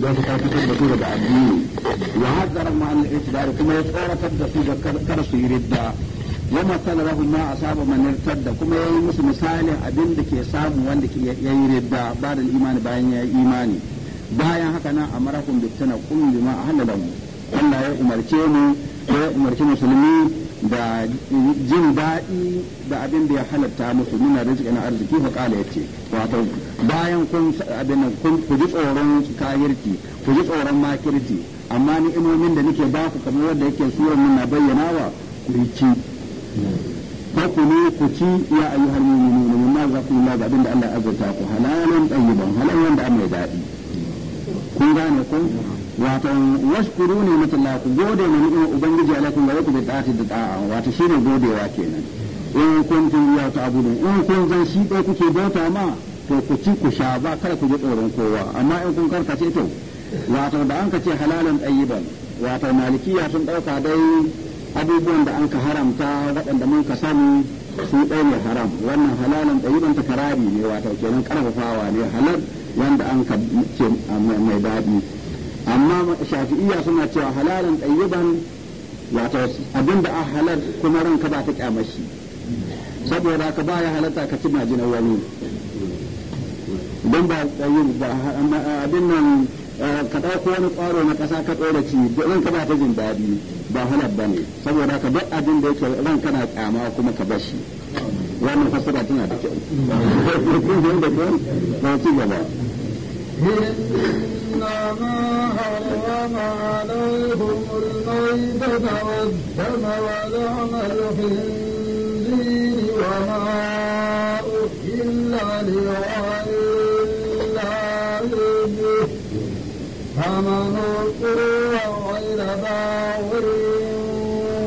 da ta fitar da su daga addini wa hazzara ma an itibari kuma ya tsoratar da su da kada su yi ridda ya masala lahu ma asaba man da kuma ya yi musu misalin abin da ke samu wanda ya yi ridda ba da imani bayan ya yi imani bayan haka nan amarahum bi tanaqum bima mu Allah ya umarce mu ya umarci musulmi da jin daɗi da abin da ya halatta musu nuna rizki na arziki fa kala yace wato bayan kun abin kun ku ji tsoron kahirci ku ji tsoron makirci amma imomin da nake ba ku kamar wanda yake surar muna bayyana wa ku yi ci ko ku ne ku ci ya ayyuhal mu'minuna ku yi ga abin da Allah ya azurta ku halalan tayyiban halalan da amma daɗi kun gane ku wato washkuru ne mata ku gode ne ni'ima ubangiji alaikum wa yakum bi da ta'a wato shine godewa kenan in kuntum ya ne in kun zan shi dai kuke bauta ma to ku ci ku sha ba kada ku ji tsoron kowa amma in kun karkace to wato da an ka ce halalan tayyiban wato malikiya sun dauka dai abubuwan da an ka haramta waɗanda mun ka sani su ɗaya ne haram wannan halalan ɗayiban takarari ne wato kenan ƙarfafawa ne halal wanda an ka ce mai daɗi amma shafi'iyya suna cewa halalan ɗayyiban wato abinda a halar kuma ranka ba ta kyamashi saboda ka ba ya halatta ka ci majinar wani don ba ɗayyib ba abin nan eh, ka ɗauko wani ƙwaro na ƙasa ka ɗora ci ka ba ta jin daɗi ba halar ba ne saboda ka duk abin da yake ranka na kyama kuma ka bashi wannan fasara tana da kyau. حرمنا ما حرم عليهم الميتة والدم ولحم الخنزير وما أحل لغير الله به فمن اضطر غير باغ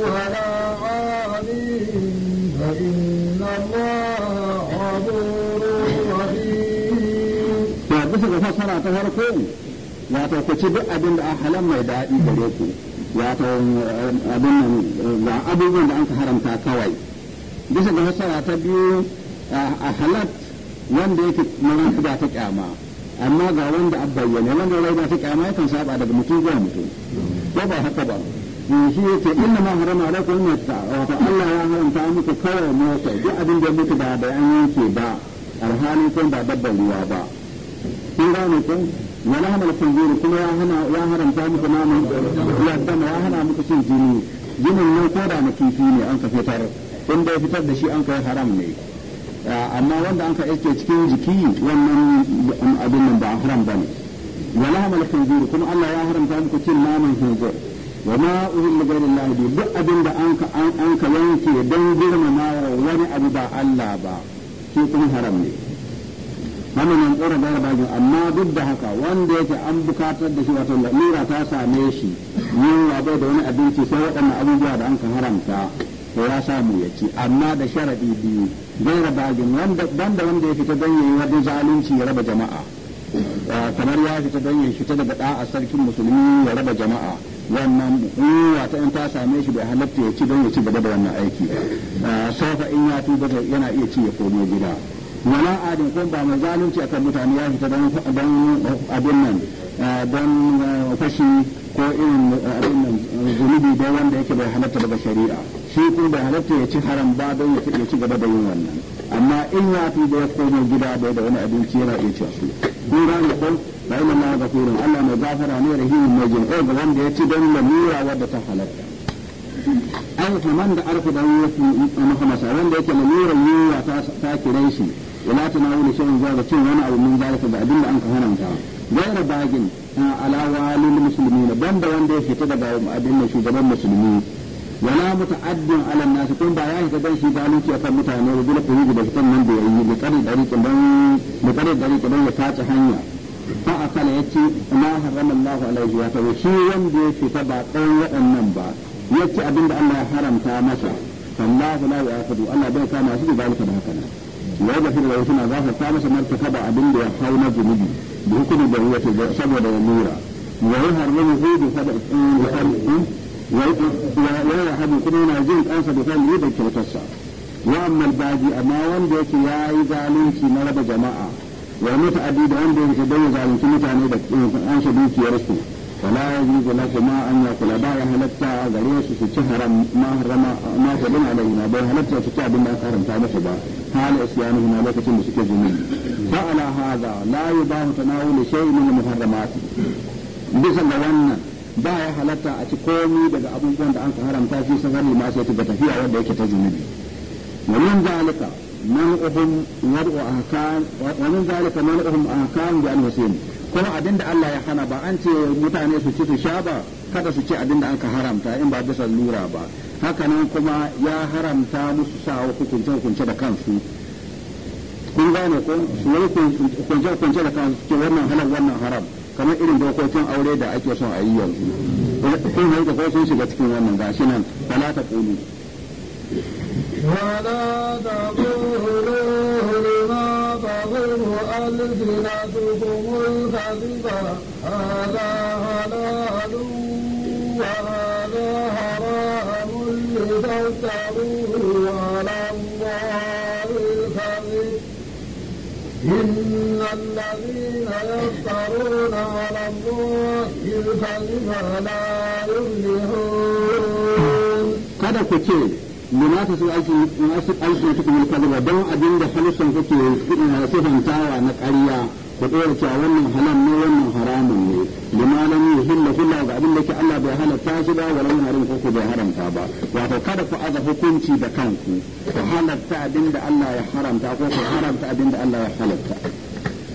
ولا عاد فإن الله غفور رحيم. wato ku ci duk abin da halar mai daɗi gare ku wato eh, abin nan eh, ga abubuwan da an ka haramta kawai bisa ga fassara ta biyu a halar wanda yake mara ba ta kyama amma ga wanda a bayyana wanda rai ba ta kyama yakan saba daga mutum zuwa mutum ko ba haka ba eh, shi yake inna ma harama alaikum mutta wato Allah ya haramta muku kawai mota duk abin da muku ba da an yanke ba alhali kun ba dabban ruwa ba kun gane kun wani hamar tanzuri kuma ya hana ya haramta muku naman yadda ya hana muku cin jini jinin nan ko da na kifi ne an ka fitar in dai fitar da shi an kai haram ne ah, amma wanda an ka iske cikin jiki wannan abin nan ba a haram ba ne wani hamar tanzuri kuma Allah ya haramta muku cin naman tanzur wa ma da ghayrillah lahadi duk abin da an ka an ka yanke dan girmama wani abu ba Allah ba shi kuma haram ne manomin tsoron gara bagin amma duk da haka wanda yake an bukatar da shi wato lura ta same shi yunwa bai da wani abinci sai waɗannan abubuwa da an kan haramta to ya samu ya ci amma da sharaɗi biyu gaira bajin banda wanda ya fita don yayi wani zalunci ya raba jama'a ah, kamar ya fita don ya fita daga ɗa'a sarkin musulmi ya raba jama'a wannan yunwa ta in ta same shi bai halatta ya ci don ya ci gaba da wannan aiki ah, sofa in ya tuba yana iya ci ya komo gida wala adin ko ba mai zalunci akan mutane ya fita don abin nan eh, don eh, fashi ko irin eh, abin nan zunubi dai wanda yake bai halatta daga shari'a shi ko bai halatta ya ci haram ba don ya ci gaba da yin wannan amma in ya fi da ya koma gida bai da wani abinci yana iya ci su kun gane ko ba ina ma ga kurin Allah mai gafara ne rahimin mai jin ga wanda ya ci don lamura wadda ta halatta an kaman da arku da yafi masa wanda yake yi wa ta kiran shi ولا تناول شيء زاد شيء وانا او من ذلك بعدين لان كهنا انت غير باجن على والي المسلمين بند وند يفتد باوم ادين شو جبان مسلمين ولا متعد على الناس كون بايا هيك دان شي بالو شي افهم متانه ودول قيود ده كان من ده يي بقري دريق دان بقري دريق دان يفاج حنيا فأقل يتي ما حرم الله عليه وسلم شي وند يفتد با قوي وانن با يتي ابين الله حرمتا مسا فالله لا يأخذ الله بيتا ما شي ذلك بهكذا wa da fil wajina za ka ta masa martaba abin da ya hau na zunubi da hukumi da ruwa da saboda lura wa ya harbu hu bi sada in wa ya harbu kuma yana jin kansa da kan da kyautarsa wa amma albadi amma wanda yake yayi zalunci na raba jama'a wa muta'addi da wanda yake bai zalunci mutane da an shi dukiyarsu فلا يجوز لهما أن يأكل باية هلتا غريش في شهر ما حرم sabin alayna bai halatta su ci abin da aka haramta musu ba hal isyanihi na lokacin da suke zunubi fa ala hadha la yubahu tanawul shay min muharramat bisa ga wannan ba ya halatta a ci komi daga abubuwan da an haramta shi safari ma sai ta tafiya wanda yake ta zunubi wa min zalika man'uhum wad'u ahkam wa min zalika man'uhum ahkam bi al-husayn kuma abin da Allah ya hana ba an ce mutane su ci su sha ba kada su ci abin da an ka haramta in ba bisa lura ba hakanan kuma ya haramta musu sa hukunce-hukunce da kansu kun gane ko su yi hukunce-hukunce da kansu ke wannan halar wannan haram kamar irin dokokin aure da ake son a yi yanzu kun haika ko sun shiga cikin wannan gashi nan fala ta kulu ولا تقولوه لما تقول ألسنتكم الكذب هذا حلال تفتروا على الله إن الذين يفترون على الله الكذب لا يفلحون kada ku ce munasa su aiki munasib aiki ne cikin don abin da halussan kuke sifantawa na ƙarya ku ɗora cewa wannan halal ne wannan haramun ne lima lam hilla hilla ga abin da ke Allah bai halatta shi ba walan haram ko bai haramta ba wato kada ku aza hukunci da kanku ku halatta abin da Allah ya haramta ko ku haramta abin da Allah ya halatta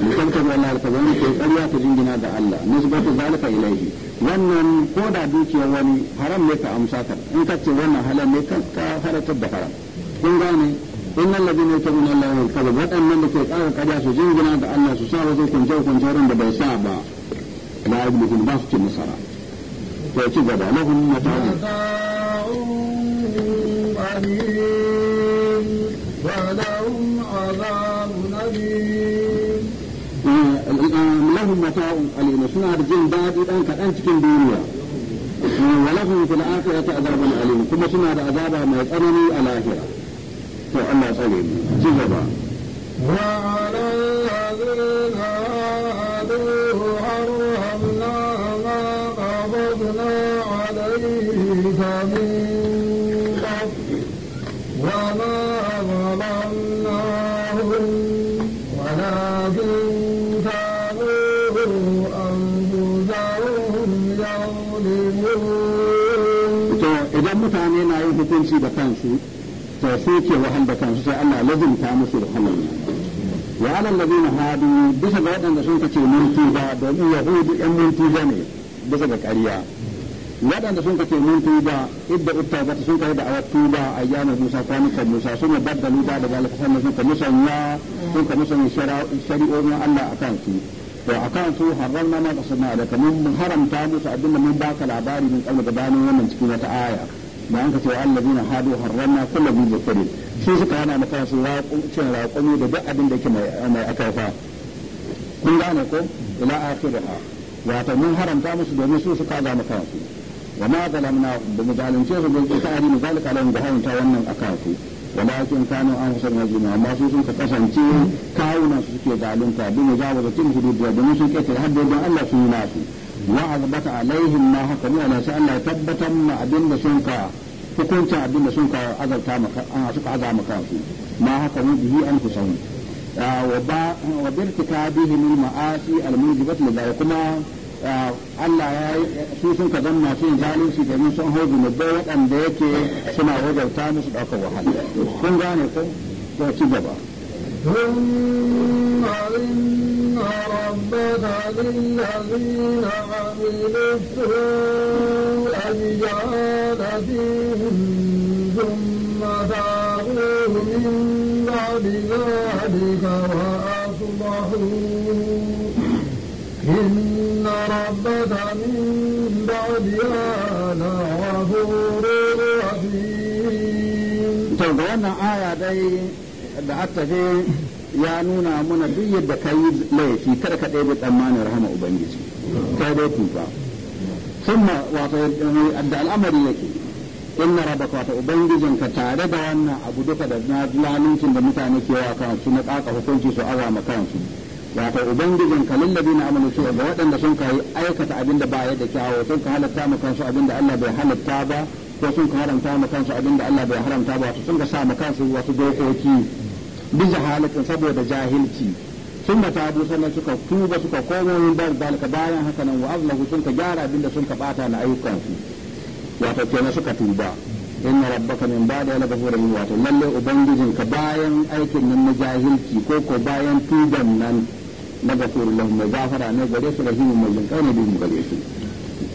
mutum ta Allah ta zama ke ƙarya ta jingina ga Allah nisbatu zalika ilaihi wannan ko da dukiyar wani haram ne ka amsa ka in ka ce wannan halal ne ka halatar da haram kun gane إن الذين يكتمون الله الكذب وأن لك يقال قد ياسو جنجنا بأن جو سيكون جارين جورا ببيسابا لا يجب في الباس مصرا فيتجب لهم متاع ولهم عذاب لهم متاع أليم سنة بعد دادي أنك أنت في الدنيا ولهم في الآخرة عذاب أليم ثم سنة عذاب ما يتأمني الآخرة to Allah tsare mu ci gaba mutane na yin hukunci da kansu to sai ke wahal kansu sai Allah lazimta musu wahalar wa ala alladhina hadu bisa ga waɗanda sun kace mun tuba domin yan ne bisa ga sun kace idda sun kai da awat tuba ayyana Musa kwanukan Musa sun baddalu da da zalika sannan sun sun Allah akan su to akan su harramna ma haramta musu abinda mun baka labari mun kalma gabanin wannan cikin wata aya ba an ka ce wa allazina hadu harrama kullu bi zikri su suka hana mu kansu cin raƙumi da duk abin da yake mai mai akaifa kun gane ko ila akhiriha wato mun haramta musu domin su suka ga mu kansu wa ma zalamna da mu zalunce su ta ari mu zalika lahum da haunta wannan akansu walakin kanu an husar majina amma su sun ka kasance kawunan su suke zalunta bi mu jawo da tin hudu da suke sun kete haddodin Allah sun yi nasu wa azbata alaihim ma haka ne wala sai Allah tabbatan ma abinda sun ka hukuncin abin da sun ka azarta maka an ah, suka aza maka su ma haka mu bihi an kusahu ah, wa ba wa birtikabihi min ma'asi al-mujibat li kuma ah, Allah ya su sun ka zama masu yin zalunci domin sun hau da waɗanda yake suna wajauta musu ɗaukar wahala kun gane ko ci gaba للذين عملوا السوء بجعل فيهم ثم دعوه من بعد ذلك وأصلحوا إن ربك من بعدها لغفور رحيم. تبغى آية دي اللي حتى فيه ya nuna mana duk yadda ka yi laifi kada ka ɗaya tsammanin rahama ubangiji ka dai kuka sun wato da al'amari yake in na raba wato ubangijin ka tare da wannan abu duka da laluncin da mutane ke wa kansu na ƙaƙa hukunci su azama kansu wato ubangijin ka lillabi na amalu su ga waɗanda sun ka aikata abin da ba ya da kyawo sun ka halatta ma kansu abin da Allah bai halatta ba ko sun ka haramta ma kansu abin da Allah bai haramta ba wato sun ka sa ma kansu wasu dokoki bi jahalatin saboda jahilci sun ba tabu sannan suka tuba suka komo yin da alka bayan haka nan wa azlahu sun ka gyara abinda sun ka bata na ayyukansu wato kenan suka tuba inna rabbaka min ba'da ya lagafur rahim wato lalle ubangijin ka bayan aikin nan na jahilci ko ko bayan tuban nan na gafur lahum mai gafara ne gare su rahim mai kai ne bin gare su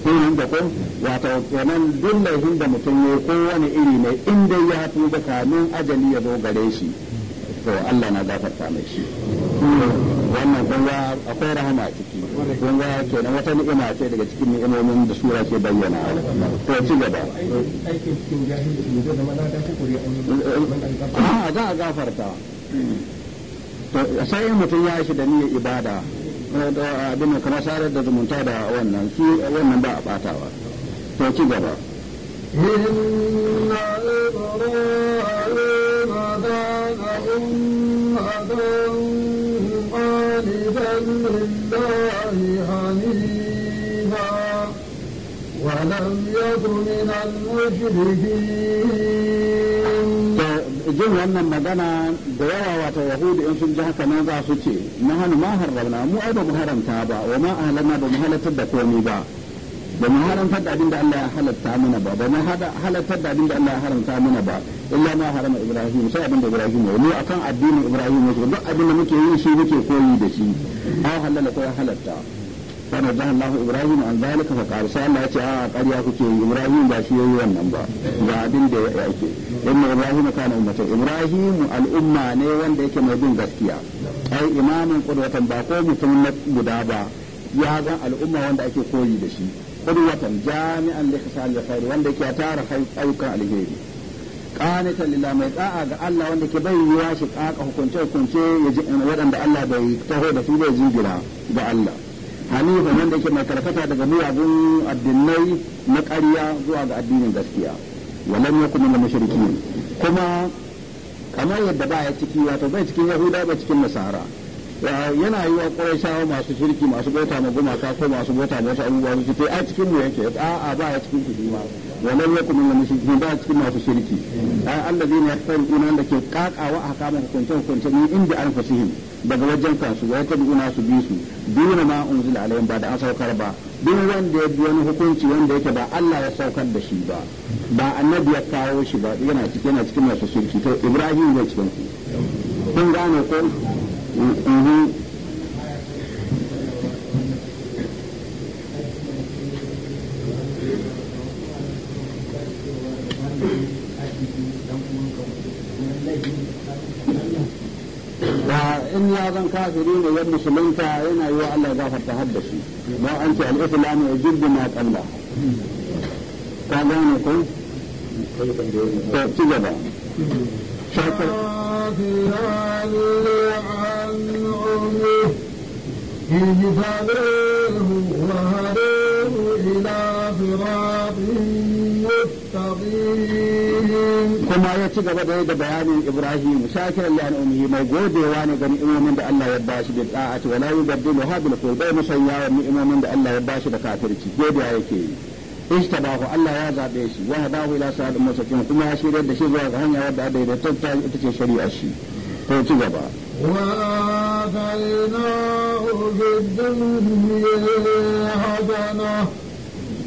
kun da ko wato kenan duk laifin da mutum ne kowane wani iri ne in dai ya tuba kamin ajali ya zo gare shi to Allah na gafarta mai shi wannan kun ga akwai rahama ciki kun ga kenan wata ni'ima ce daga cikin ni'imomin da sura ke bayyana ko ci gaba a za a gafarta to sai mutum ya shi da niyyar ibada abin kamar sarar da zumunta da wannan shi wannan ba a batawa to ci gaba إن الإبراهيم أباه jin wannan magana da yawa wata yahudu in sun ji haka nan za su ce na hannu ma haramna mu ai ba mu haramta ba wa ma ahalanna ba mu halatar da komi ba ba mu haramtar da abin da Allah ya halatta mana ba ba mu halartar da abin da Allah ya haramta mana ba illa ma harama Ibrahim sai abin da Ibrahim ne mu akan addinin Ibrahim ne duk abin da muke yin shi muke koyi da shi aw halala ko halatta kana da Allah Ibrahim an zalika fa qala sai Allah ya ce a ah, ƙarya kuke yi Ibrahim ba shi yayi wannan ba ga abin da yake inna Ibrahim kana ummatan Ibrahim umma ne wanda yake mai bin gaskiya ai imamin qudwatan ba ko mutum na guda ba ya ga al'umma wanda ake koyi da shi qudwatan jami'an li khisal khair wanda yake tara kai ayyukan alheri qanitan lillahi mai tsa'a ga Allah wanda ke bai yiwa shi kaka hukunce hukunce waɗanda Allah bai taho da su bai jingira ga Allah halifa wanda yake mai karkata daga miyagun addinai na ƙarya zuwa ga addinin gaskiya walam yakun min mushrikin kuma kamar yadda ba ya ciki wato bai cikin yahuda ba cikin nasara Eh, yana yi wa ƙurashawa masu shirki masu bota ma gumaka ko masu bota ma wasu abubuwa su ce a cikin mu yake a a ba a cikin su ma wannan ya kuma na mushrikin ba a cikin masu shirki eh, ai zina ya yafan ina da ke kakawa a kama hukunce hukunce ni inda an fasihin daga wajen kansu wa ta duna su bi su duna ma unzila alaihim ba da an saukar ba duk wanda ya bi wani hukunci wanda yake ba Allah ya saukar da shi ba ba annabi ya kawo shi ba yana cikin masu shirki to Ibrahim ya cikin ku kun gane ko وإن أظن كافرين يد مسلمتا هنا يو الله إضافة تهدشي ما أنت الإسلام يجد ما قبلها كذلك تجد شاكر في هذه kuma ya ci gaba da da bayanin ibrahim shakir allah na umuri mai godewa ne ga ni'imomin da allah ya ba shi da ta'ati wa layu gabdi mai haɗu da kogai musan yawon ni'imomin da allah ya ba shi da kafirci godewa ya ke yi ish ba bako allah ya zaɓe shi wa ha dawo ila sa'adun masakin kuma ya shirya da shi zuwa ga hanya wadda adai da tattalin ita ce shari a shi ko ci gaba وآتيناه في الدنيا حسنة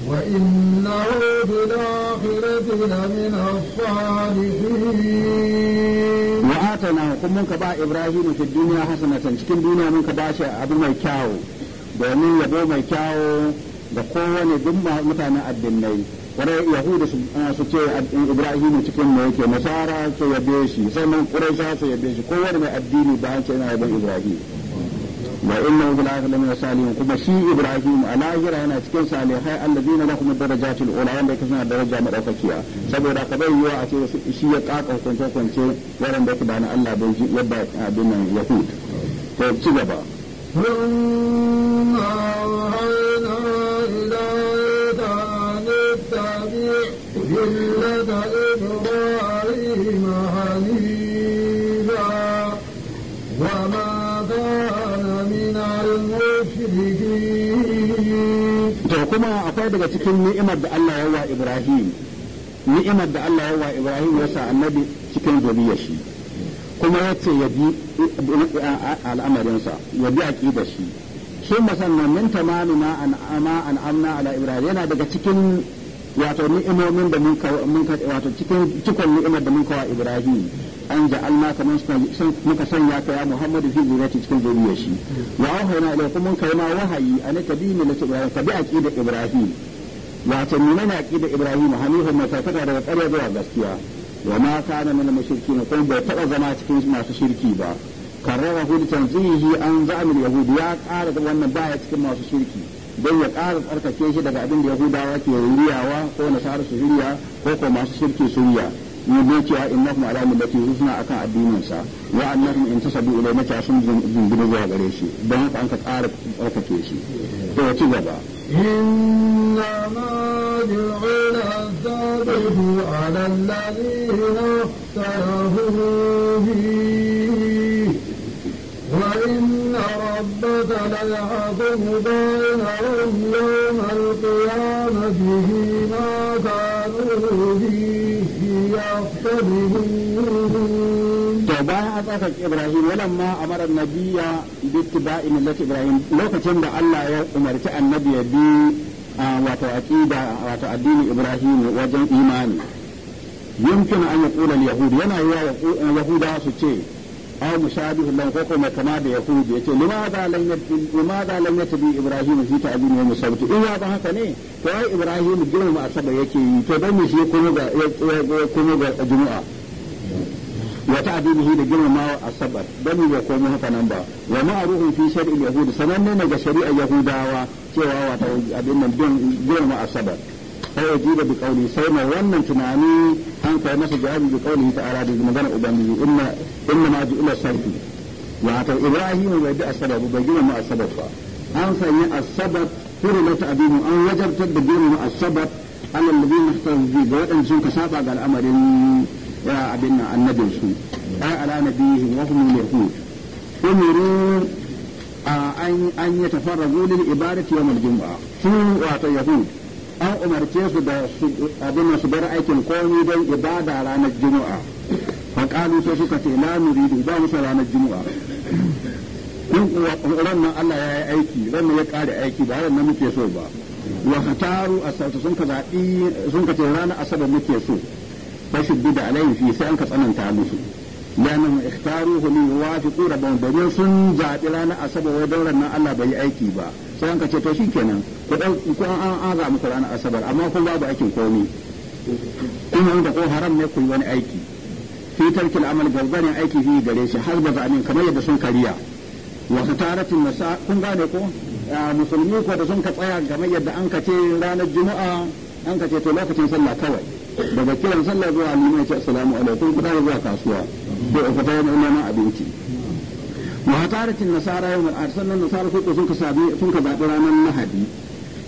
وإنه في الآخرة لمن الصالحين وآتناه كم منك با إبراهيم في الدنيا حسنة cikin duniya منك bashi abu mai kyawu domin yabo mai kyawu da kowane duk mutanen addinai wani yahuda su ce ibrahim cikin mu yake nasara su yabe shi kurai za su yabe shi kowane mai addini ba hanci yana yaban ibrahim wa inna bil na min salihin kuma shi ibrahim a lahira yana cikin salihai alladina lahum darajatul ula wanda yake suna daraja madaukakiya saboda ka bai yiwa a ce shi ya kaka kwance kwance waɗanda yake ba na Allah bai yadda abin nan yahud to ci gaba akwai daga cikin ni'imar da Allah ya Ibrahim ni'imar da Allah ya wa Ibrahim ya sa annabi cikin zuriya shi kuma ya ce ya bi al'amarinsa ya bi aqidar shi shi musannan min tamamu ma an amna ala Ibrahim yana daga cikin wato ni'imomin da mun wato cikin cikon ni'imar da mun kawa Ibrahim an ja'alna kaman san muka sanya ka ya Muhammadu fi zuriyati cikin zuriya shi wa na da kuma kai ma wahayi an tabini la Ibrahim tabi aqida Ibrahim wato ni mana aqida Ibrahim ma ta fada daga ƙarya zuwa gaskiya wa ma kana min mushrikin ko bai taba zama cikin masu shirki ba karrahu hu tanzihi an za'al yahudi ya ƙara wannan baya cikin masu shirki don ya ƙara tsarkake shi daga abin da yahudawa ke riyawa ko nasara su riya ko ko masu shirki su riya ni ne cewa innahum ala millati suna akan addinin sa wa annahum intasabu ilay mata sun jingina zuwa gare shi don haka an ka ƙara tsarkake shi to ya ci gaba إنما يحكم بينهم يوم القيامة فيما كانوا فيه يختلفون to bayan an tsaka Ibrahim walamma amara nabiya bi tibai millati Ibrahim lokacin da Allah ya umarci annabi ya bi wato aqida wato addini Ibrahim wajen imani yumkin an yaqula al-yahud yana yawa yahuda su ce aw mushabihu lahu ko kuma da yahudi yace limadha lam yatbi limadha lam yatbi ibrahim fi ta'lim yawm sabt in ya ba haka ne to ai ibrahim girma asaba yake yi to dan shi kuma ga kuma ga jumu'a wa ta'dibihi da girmama asabar dan ya komo haka nan ba wa ma'ruhu fi shar'il yahudi sananne ne ga yahudawa cewa wato abin asabar sai ji bi bikauli sai mai wannan tunani an kai masa jawabi bikauli ta'ala da magana ubangiji inna inna ma ju'ila sarfi wato ibrahim bai da asbab bai gina mu asbab ba an sanya asbab hurmat abinu an wajabtar da gina mu asbab ala alladhina ihtazu ga wadan sun ka saba ga al'amarin ya abin nan annabin su ai ala nabihim wa hum yahud umiru an yatafarragu lil ibadati yawm al-jum'ah su wato yahud an umarce su da abin su bar aikin komi don ibada ranar juma'a faƙalu sai suka ce la nuridu ba musu ranar juma'a kun ran nan Allah ya yi aiki ran ya ƙare aiki ba ran nan muke so ba wa hataru asabta sun ka zaɓi sun ka ce ranar asabar muke so fa shiddu alaihi fi sai an ka tsananta musu لأنهم اختاروه ليوافقوا ربهم دنيا سن جاء إلى أنا أصبه ودورا أن الله بي أيكي ka ce تتوشي kenan. ku ɗauki ko an aza muku ranar asabar amma kun babu aikin komi kun wanda ko haram ne ku yi wani aiki fi tarkil amal gargarin aiki fi gare shi har ba za'amin kamar yadda sun kariya wasu taratin nasa kun gane ko musulmi ko da sun ka tsaya game yadda an ka ce ranar juma'a an ka ce to lokacin sallah kawai daga kiran sallah zuwa limai ce assalamu alaikum ku dawo zuwa kasuwa ko ku fita neman abinci wa taratin nasara yawmal arsalan nasara ko sun ka sabi sun ka zabi ranar lahadi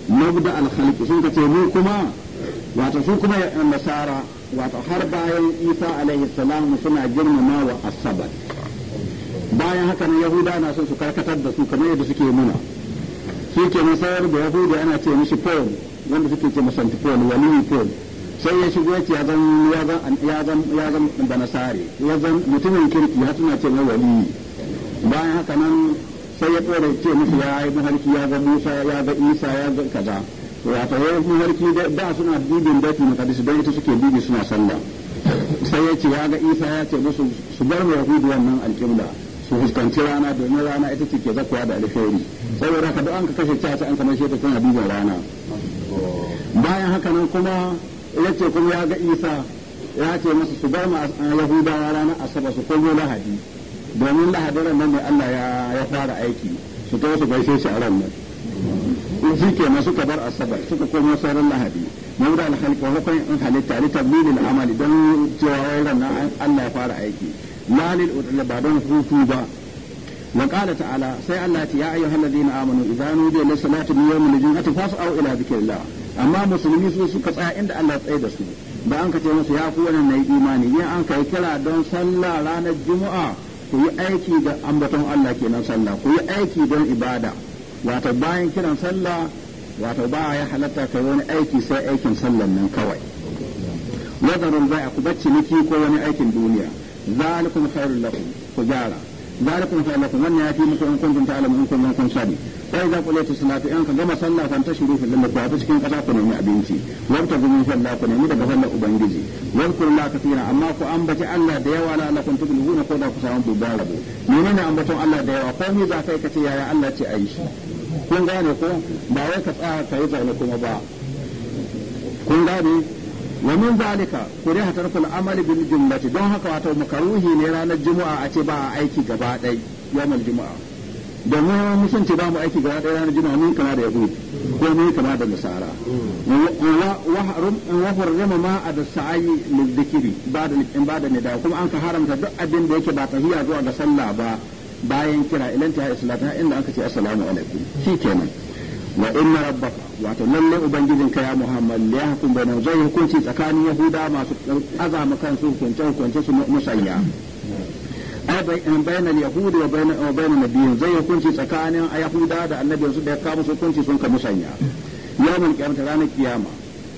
mabda al-khalqi sun ce mu kuma wato su kuma nasara wato har bayan isa alaihi salamu suna girmama wa asabar bayan haka ne yahuda na son su karkatar da su kamar yadda suke muna su ke musayar da yahuda ana ce mishi paul wanda suke ce masanti paul wani paul sai ya shigo ya zan ya zan ya zan da nasare ya zan mutumin kirki har suna ce mai wali bayan haka nan sai ya tsore ce musu ya yi maharki ya ga Musa ya ga Isa ya ga kaza wato ya maharki da suna bibin dati na kadisi don ita suke bibi suna sallah sai ya ce ya ga Isa ya ce musu su bar mu yahudu wannan alƙibla su fuskanci rana domin rana ita ce ke zakuwa da alheri saboda haka duk an ka kashe caca an kamar shi ta tana bibin rana bayan haka nan kuma ya ce kuma ya ga Isa ya ce masa su bar mu yahudawa ranar asabar su komo lahadi domin lahadiran nan ne Allah ya fara aiki su ta wasu gaishe shi a ran nan shi ke masu kabar bar asabar suka komo sauran lahadi mawda alhalka hukun in halitta li tablilil amali don cewa ran nan Allah ya fara aiki lalil udla ba don hutu ba وقال allah سي الله يا ايها الذين امنوا اذا نودي للصلاه a يوم الجمعه فاسعوا الى ila الله amma musulmi su suka tsaya inda Allah tsaye da su ba an ka ce musu ya ku wannan nayi imani in an kai kira don sallah ranar juma'a ku yi aiki da ambaton Allah kenan sallah ku yi aiki don ibada wato bayan kiran sallah wato ba ya halatta kai wani aiki sai aikin sallan nan kawai wazarun a ku bacci niki ko wani aikin duniya zalikum khairul lakum ku gyara ذلكم فعلكم من ياتي منكم ان كنتم تعلمون كن منكم صادق فاذا قلت الصلاه ان كما صلى فانتشروا في الذمه واتوا cikin kasa ku nemi abinci wabtagu min sallah ku nemi daga sallar ubangiji wadkuru la kathira amma an ambaci Allah da yawa la allakum tuflihuna ko da ku samu babban rabo menene ambaton Allah da yawa ko ni za ka ce yaya Allah ce ayi shi kun gane ko ba wai ka tsaya kayi zaune kuma ba kun gane wa min zalika kuriha tarkul amali bil jumlati don haka wato makaruhi ne ranar juma'a a ce ba a aiki gaba ɗaya yawmal juma'a domin mun san ce ba mu aiki gaba ɗaya ranar juma'a mun kama da yahudi ko mun kama da nasara wa harrama ma ad sa'i lil dhikri ba'da in ba'da nida kuma an ka haramta duk abin da yake ba tafiya zuwa ga sallah ba bayan kira ilanta ya islata inda aka ce assalamu alaikum shikenan wa inna rabbaka wato lalle ubangijin ka ya muhammad ya hukum nan zai hukunci tsakanin yahuda masu azama kansu kwanci kwanci su musanya in bainal yahudi wa bainal nabiyin zai hukunci tsakanin a yahuda da annabiyyin su da ya kama su hukunci sun ka musanya yawmul kyamta ranar kiyama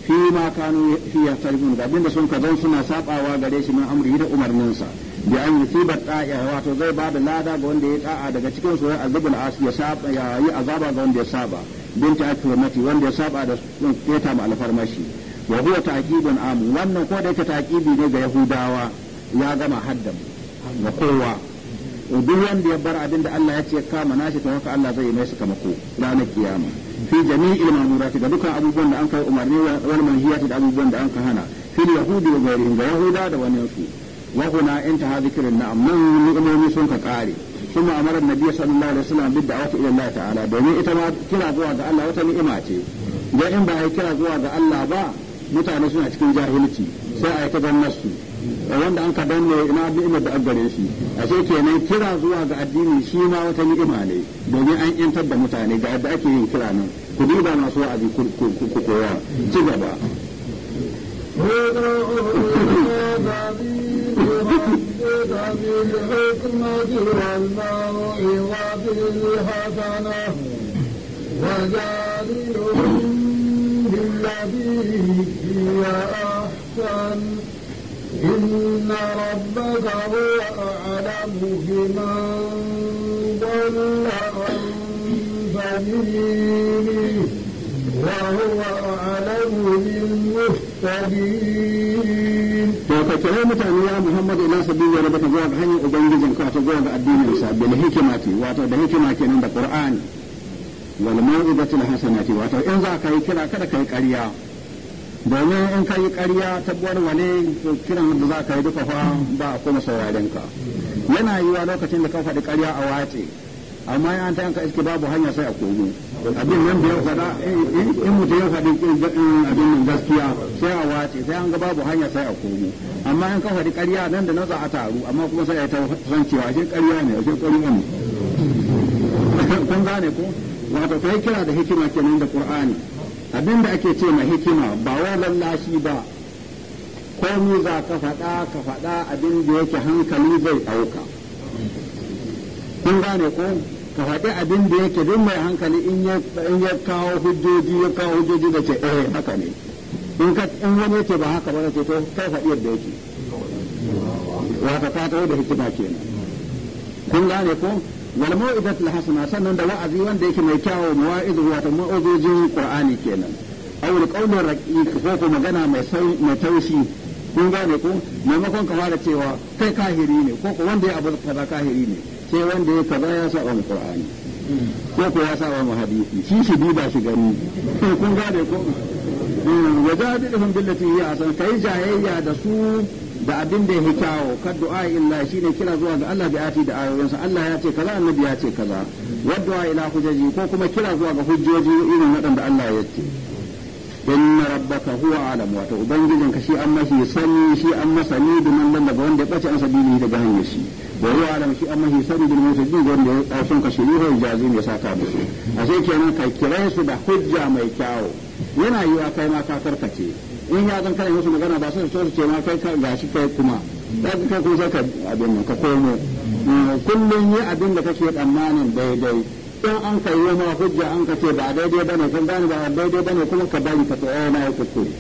fi ma kanu fi tarihun gabin abinda sun ka zan suna sabawa gare shi min amri da umarninsa bi an yusiba ta'a wato zai ba da lada ga wanda ya ta'a daga cikin su azabul zubin ya ya yi azaba ga wanda ya saba binti akramati wanda ya saba da keta ma alfarmashi wa huwa taqibun am wannan ko da yake taqibi ne ga yahudawa ya gama haddam ga kowa duk wanda ya bar abin da Allah ya ce kama nashi to haka Allah zai mai suka mako ranar kiyama fi jami'il mamurati ga dukkan abubuwan da an kai umarni wal manhiyati da abubuwan da an ka hana fil yahudi wa ghairihim ga yahuda da wani su wa huna inta zikrun na'am nan ni'imomi sun ka kare sun أمر النبي صلى الله suna bidda بالدعوة إلى الله تعالى domin ita ma kira zuwa ga Allah wata ni'ima ce da in ba a kira zuwa ga Allah ba mutane suna cikin jahilci sai a yi ta nasu wanda an ka danne ina ni'ima da an gare shi ashe kenan kira zuwa ga addini shi ma wata ni'ima ne domin an yantar da mutane ga yadda ake yin kira nan ku duba masu wa'azi ku koya ci gaba بالحكمة والموعظة الحسنة وجادلهم بالذي هي أحسن إن ربك هو أعلم بمن ضل عن سبيله وهو أعلم بالمهتدين ka kira mutane ya Muhammadu ila sabili wa rabbika zuwa ga hanyar ubangijin ka zuwa ga addinin sa bil hikimati wato da hikima kenan da Qur'ani wal mau'izatil hasanati wato in za ka yi kira kada ka yi ƙarya domin in ka yi ƙarya tabbuwar wane kiran da za ka yi duka fa ba a kuma sauraren ka yana yiwa lokacin da ka faɗi ƙarya a wace amma ya an ta yanka iske babu hanya sai a komo abin nan da ya faɗa in mutum ya faɗi abin nan gaskiya sai a wace sai an ga babu hanya sai a komo amma in ka faɗi ƙarya nan da na za a taru amma kuma sai a ta san cewa shi ƙarya ne shi ƙarya ne kun gane ko wato kai kira da hikima kenan da qur'ani abin da ake ce ma hikima ba wa lallashi ba komi za ka faɗa ka faɗa abin da yake hankali zai ɗauka kun gane ko ka faɗi abin da yake duk mai hankali in ya kawo hujjoji ya kawo hujjoji da ce eh haka ne in ka in wani yake ba haka ba na ce to kai faɗi yadda yake wata ka tawo da hikima kenan kun gane ko wal al hasana sannan da wa'azi wanda yake mai kyawu mawa'izu wato ma'uzojin qur'ani kenan aw qawlin raqiq ko ko magana mai mai taushi kun gane ko maimakon ka fara cewa kai kahiri ne ko ko wanda ya abu kaza kahiri ne sai wanda ya kaza ya saba mu qur'ani ko ko ya saba mu hadisi shi shi duba shi gani kun gane ko hmm, wajadilhum billati hiya asan kai jayayya da su da abin da ya kyawo kad du'a illa shine kira zuwa ga Allah bi ati da ayoyinsa Allah ya ce kaza annabi ya ce kaza du'a ila hujaji ko kuma kira zuwa ga hujjoji irin waɗanda Allah ya ce inna rabbaka huwa alam wato ubangijinka shi an mashi sani shi an masani da nan nan daga wanda ya bace an sabili da hanyar shi da huwa alam shi an mashi sani da mota jin wanda ya kasun ka shi ruhu jazim ya saka da su a sai kenan ka kira su da hujja mai kyawo yana yi wa kai ma ka karkace in ya zan kana musu magana ba sai su ce ma kai ka ga shi kai kuma dan kai kuma sai ka abin ka komo mm, kullun yi abin da kake tsammanin daidai in an ka yi ma hujja an ka ce ba daidai bane kan gane ba daidai bane kuma ka bari ka tsaya na ya kuskure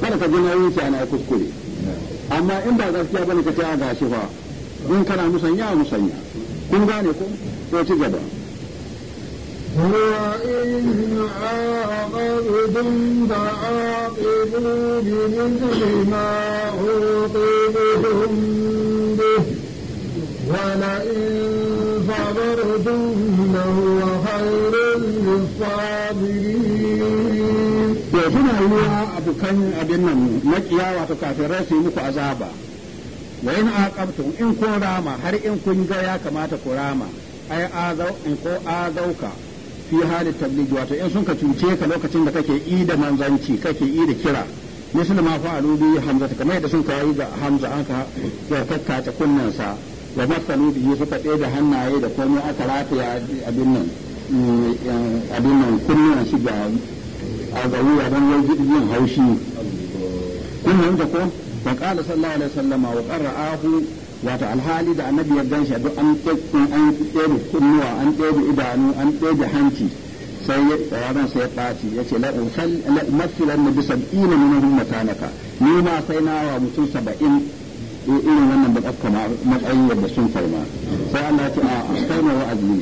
kada ka ji nauyin ce ana ya kuskure amma in ba gaskiya bane ka ce a gashi fa in kana musanya musanya kun gane ko ko ci gaba وإن عاقبتم فعاقبوا بمثل ما عوقبتم به ولئن صبرتم لهو خير للصابرين يجب أن abokan abin nan makiya wato kafirai su yi muku azaba wa yin aqabtum in kun rama har in kun ga ya kamata ku rama ai azau in ko azauka fi hali tabligh wato in sun ka cuce ka lokacin da kake i da manzanci kake i da kira misali ma fa'alu bi hamza kamar yadda sun kawo ga hamza an ka ya kakkace kunnensa wa masalu bihi suka ɗaya da hannaye da komai aka rataya abin nan eh, abin nan kunnuwan shi ga a ga wuya yau yin haushi kunnuwan ta ko wa qala sallallahu alaihi wasallam wa qara'ahu wato alhali da annabi ya ganshi duk an tsaye an tsaye kunnuwa an tsaye idanu an tsaye hanci sai ya tsayaran sai ya ɓaci ya ce la'umassilan na bisa ina minahum matanaka ni ma sai na wa mutum saba'in irin wannan ba tsakka matsayin yadda sun karma sai Allah ce a kai karma wa'azi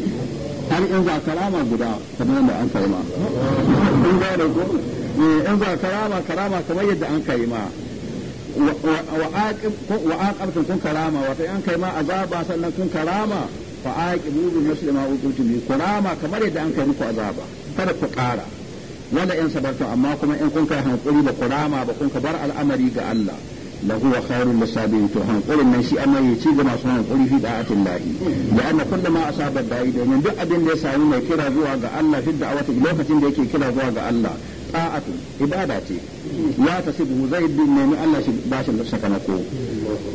har in za karama guda kamar yadda an karma eh, in ga da ko in za karama karama kamar yadda an kai ma wa aqabtum kun karama wa wato an kai ma azaba sannan kun karama fa aqibu bil muslima ututum bi karama kamar yadda an kai muku azaba kada ku ƙara wanda in sabartum amma kuma in kun kai hankuri ba kurama ba kun ka bar al'amari ga Allah لهو خير للصابرين تو هنقول من شيء أما يتيجي ما سوى هنقول في دعاة الله لأن كل ما أصاب الداعي من دعا بين ليس عيني كرا زوا الله في الدعوة إلوكة ديكي كرا زوا الله طاعة عبادتي ya bu zai bin ni Allah shi ba shi ko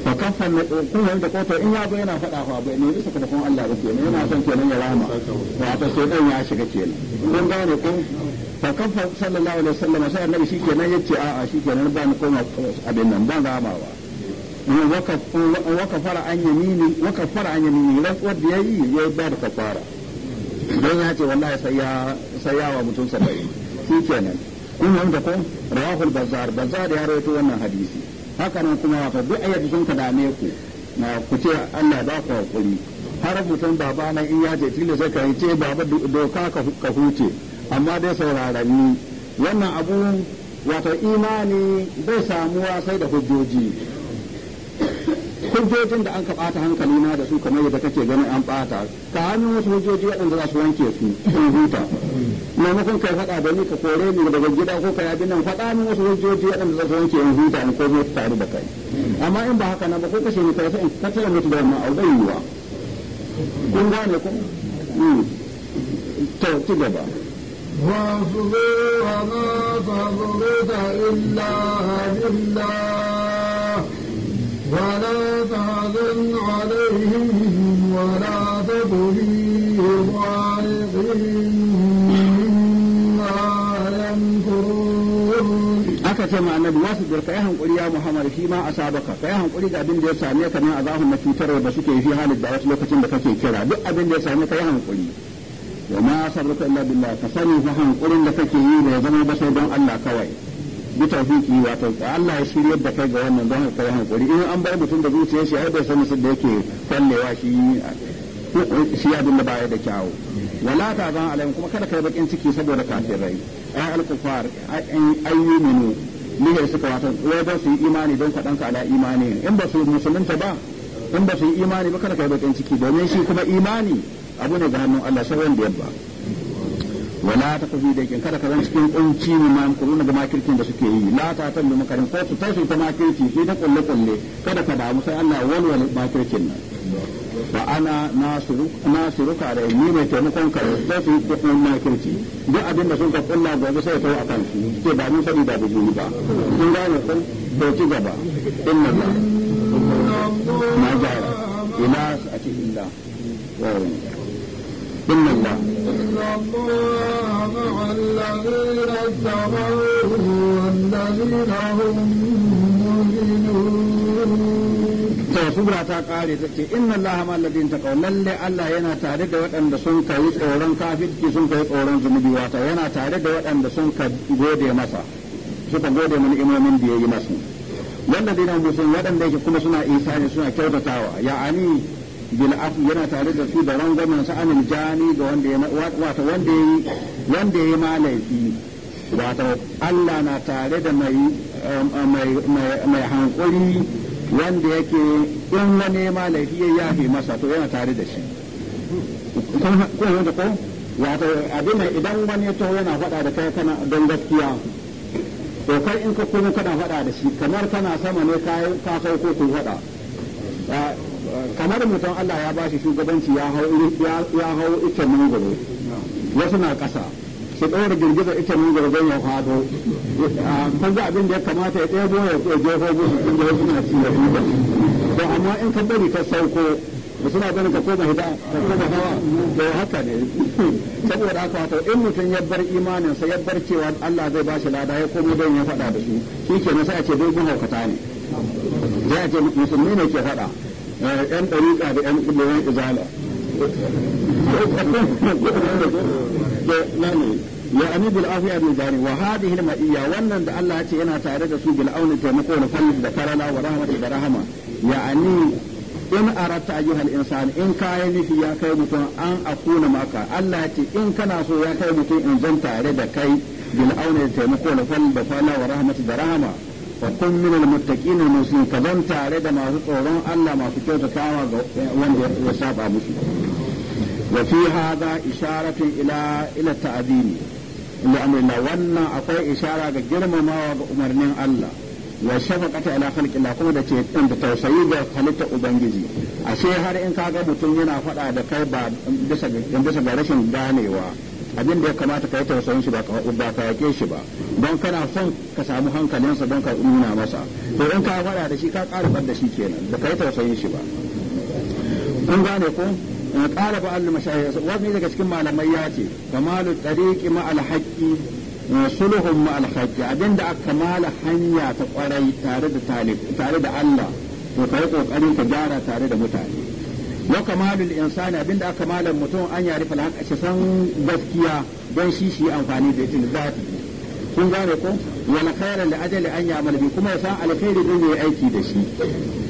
fa kafan na kun da to in ya ga yana faɗa fa bai nemi sakamakon Allah ba ne yana son kenan ya rama ta sai dan ya shiga kenan kun gane kun fa kafan sallallahu alaihi wasallam sai annabi shikenan yace a a shikenan ba ni koma abin nan ban ramawa fara an yamini fara an yamini rantsuwar da yayi ya ba da kafara don ya ce wallahi sai ya sai mutum ke shikenan kun yanka ko rawahul bazar bazar ya rawaito wannan hadisi haka nan kuma wato duk ayyuka sun ka dame ku na ku ce Allah ba ku hakuri har mutum baba na in ya je tilo sai ka ce baba doka ka huce amma dai saurarani wannan abu wato imani bai samuwa sai da hujjoji hujjojin da an ka bata hankali na da su kamar yadda kake ganin an bata ka hannun wasu hujjoji waɗanda za su wanke su in huta maimakon kai faɗa da ni ka kore ni daga gida ko ka yabi nan faɗa min wasu hujjoji waɗanda za su wanke in huta in komai ta tare da kai amma in ba haka na ba ko kashe ni kai in ka mutu da wannan abu yiwa kun gane ko hmm. to ci gaba ولا تحزن عليهم ولا تك في aka ce ma annabi wasu bir kai hankuri ya muhammad shi ma asabaka kai hankuri da abin da ya same ka na azahun na fitar da suke fi halin da wasu lokacin da kake kira duk abin da ya same ka yi hankuri wa ma sabaka illa billah ka sani fa hankurin da kake yi da zama ba sai don Allah kawai bi tawfiki wato Allah ya shirye da kai ga wannan don kai hankuri in an bar mutum da zuciyar shi ai bai san da yake kallewa shi shi abin da baya da kyawu wala ta zan alaikum kuma kada kai bakin ciki saboda kafirai ai al-kufar ayyuminu niyyar suka wata wai ba su yi imani don kwaɗan ka ala imani in ba su musulunta ba in ba su yi imani ba kada ka yi bakin ciki domin shi kuma imani abu ne ga hannun Allah sai wanda yabba wala ta kafi da kin kada ka zan cikin kunci ne ma kuruna ga makirkin da suke yi la ta tallu makarin ko su tashi ta makirci shi ta kulle kulle kada ka damu sai Allah walwal makirkin nan wa ana nasiruka da ni mai taimakon ka da su yi kuma makirci duk abin da sun ka kulla gobe sai kai akan su ke ba mun sani da bijiri ba kun gane ko bai ci gaba inna la ma jara ila a inna to kubra ta kare ta ce inna allaha ma alladin taqaw lalle allah yana tare da waɗanda sun kai tsoron kafirci sun kai tsoron zunubi wata yana tare da waɗanda sun ka gode masa suka gode mana imomin da yayi masu wanda dina musun waɗanda yake kuma suna isani suna kyautatawa ya ani bil yana tare da su da rangwamen sa anil jani ga wanda ya wata wanda yayi wanda yayi malaifi wata allah na tare da mai eh, mai mai hankuri wanda yake in na nema laifi ya fi masa to yana tare da shi kun wanda ko wato abin idan wani to taho yana faɗa da kai kana don gaskiya to kai in ka kuma kana faɗa da shi kamar kana sama ne ka sauko ku faɗa ah, kamar mutum Allah ya bashi shugabanci ya hau ya hau ita mangoro wasu na kasa. shi ɗora girgiza ita mun gargan ya fado kun ah, ga abin da ya kamata ya ɗebo ya jefo musu sun ga suna ci da riba to amma in ka bari ka sauko da suna ganin ka koma hida ka koma hawa to haka ne saboda haka to in mutum ya bar imanin sa ya bar cewa Allah zai ba shi lada ya komo don ya faɗa da su shi kenan sai a ce dogon haukata ne zai a ce musulmi ne ke faɗa yan eh, ɗariƙa da yan izala يعني بالعافية ابن جاري وهذه المئية ونن الله يأتي إنها تعرض سوء بالعون تيمكو نفلس دكرنا ورحمة برحمة يعني in aratta ayyuhal insani in kayi nufi ya kai mutum an akuna maka Allah ce in kana so ya kai mutum in zan tare da kai bil auna da taimako na fal da fala wa da rahama wa kun min al muttaqin al muslimin ka zan tare da masu tsoron Allah masu kyautatawa ga wanda ya saba musu وفي هذا إشارة إلى إلى التعظيم لأمر الله وانا أقوي إشارة جرم ما أمرنين الله والشفقة على خلق الله كما da ceton da tausayi da halitta ubangiji ashe har in ka ga mutum yana faɗa da kai ba bisa ga rashin ganewa abin da ya kamata ka yi tausayin shi ba ka yake shi ba don kana son ka samu hankalinsa don ka nuna masa to in ka faɗa da shi ka ƙarubar da shi kenan da ka yi tausayin shi ba kun gane ko kara ba'al mashayikh wani daga cikin malamai ya ce kamalu tariqi ma al haqqi sulhum ma al abinda aka kamala hanya ta kwarai tare da talib tare da Allah to kai ka gyara tare da mutane wa kamalul insani abinda aka mala mutum an yari fal san gaskiya don shi shi amfani da ita zati kun gane ko wala khairan li ajali an ya'mal kuma ya san alkhairi din yayi aiki da shi